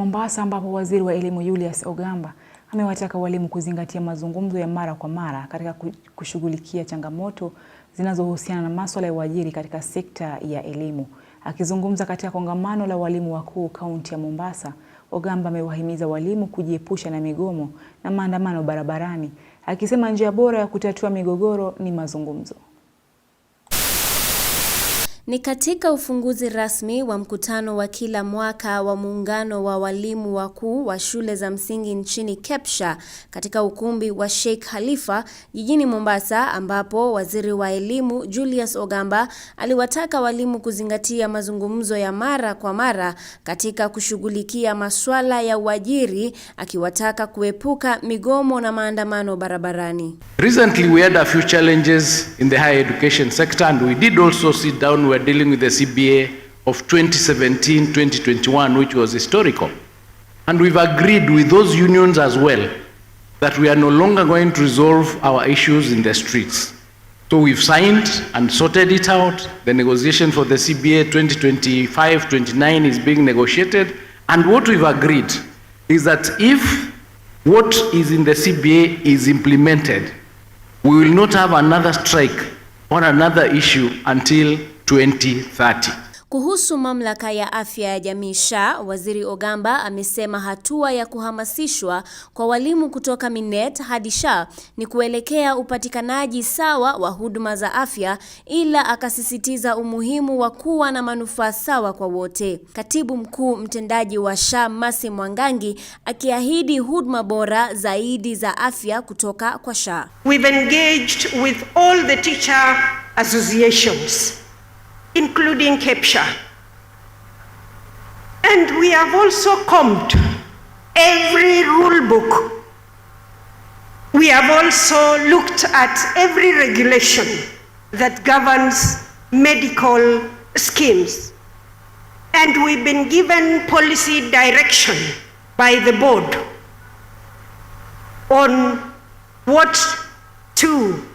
Mombasa ambapo Waziri wa Elimu Julius Ogamba amewataka walimu kuzingatia mazungumzo ya mara kwa mara katika kushughulikia changamoto zinazohusiana na masuala ya uajiri katika sekta ya elimu. Akizungumza katika kongamano la walimu wakuu kaunti ya Mombasa, Ogamba amewahimiza walimu kujiepusha na migomo na maandamano barabarani, akisema njia bora ya kutatua migogoro ni mazungumzo. Ni katika ufunguzi rasmi wa mkutano wa kila mwaka wa muungano wa walimu wakuu wa shule za msingi nchini KEPSHA katika ukumbi wa Sheikh Khalifa jijini Mombasa ambapo Waziri wa Elimu Julius Ogamba aliwataka walimu kuzingatia mazungumzo ya mara kwa mara katika kushughulikia masuala ya uajiri akiwataka kuepuka migomo na maandamano barabarani. Recently we had a few challenges in the higher education sector and we did also sit down we were dealing with the CBA of 2017 2021, which was historical. And we've agreed with those unions as well that we are no longer going to resolve our issues in the streets. So we've signed and sorted it out. The negotiation for the CBA 2025 29 is being negotiated. And what we've agreed is that if what is in the CBA is implemented, we will not have another strike on another issue until 2030. Kuhusu mamlaka ya afya ya jamii SHA, Waziri Ogamba amesema hatua ya kuhamasishwa kwa walimu kutoka Minet hadi SHA ni kuelekea upatikanaji sawa wa huduma za afya, ila akasisitiza umuhimu wa kuwa na manufaa sawa kwa wote. Katibu mkuu mtendaji wa SHA Masi Mwangangi akiahidi huduma bora zaidi za afya kutoka kwa SHA. We've engaged with all the teacher associations including capture And we have also combed every rule book. We have also looked at every regulation that governs medical schemes. And we've been given policy direction by the board on what to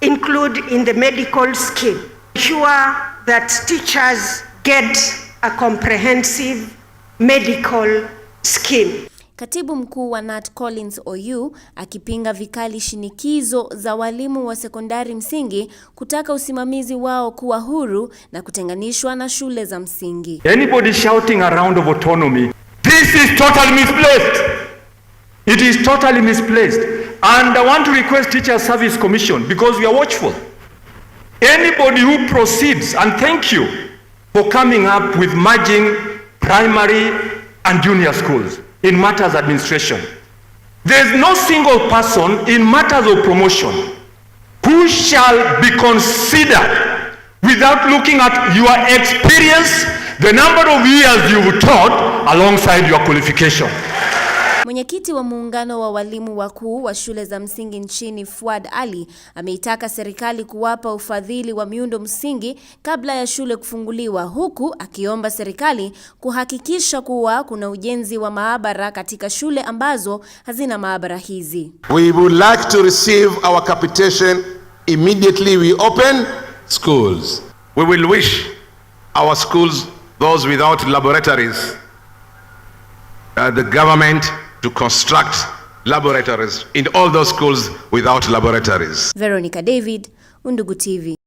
include in the medical scheme. Sure that teachers get a comprehensive medical scheme. Katibu mkuu wa Nat Collins OU akipinga vikali shinikizo za walimu wa sekondari msingi kutaka usimamizi wao kuwa huru na kutenganishwa na shule za msingi. Anybody shouting a round of autonomy. This is totally misplaced. It is totally misplaced. And I want to request Teacher Service Commission because we are watchful. Anybody who proceeds, and thank you for coming up with merging primary and junior schools in matters administration. There is no single person in matters of promotion who shall be considered without looking at your experience, the number of years you've taught alongside your qualifications Mwenyekiti wa muungano wa walimu wakuu wa shule za msingi nchini Fuad Ali ameitaka serikali kuwapa ufadhili wa miundo msingi kabla ya shule kufunguliwa, huku akiomba serikali kuhakikisha kuwa kuna ujenzi wa maabara katika shule ambazo hazina maabara hizi. We would like to receive our capitation immediately we open schools. We will wish our schools, those without laboratories, uh, the government to construct laboratories in all those schools without laboratories. Veronica David, Undugu TV.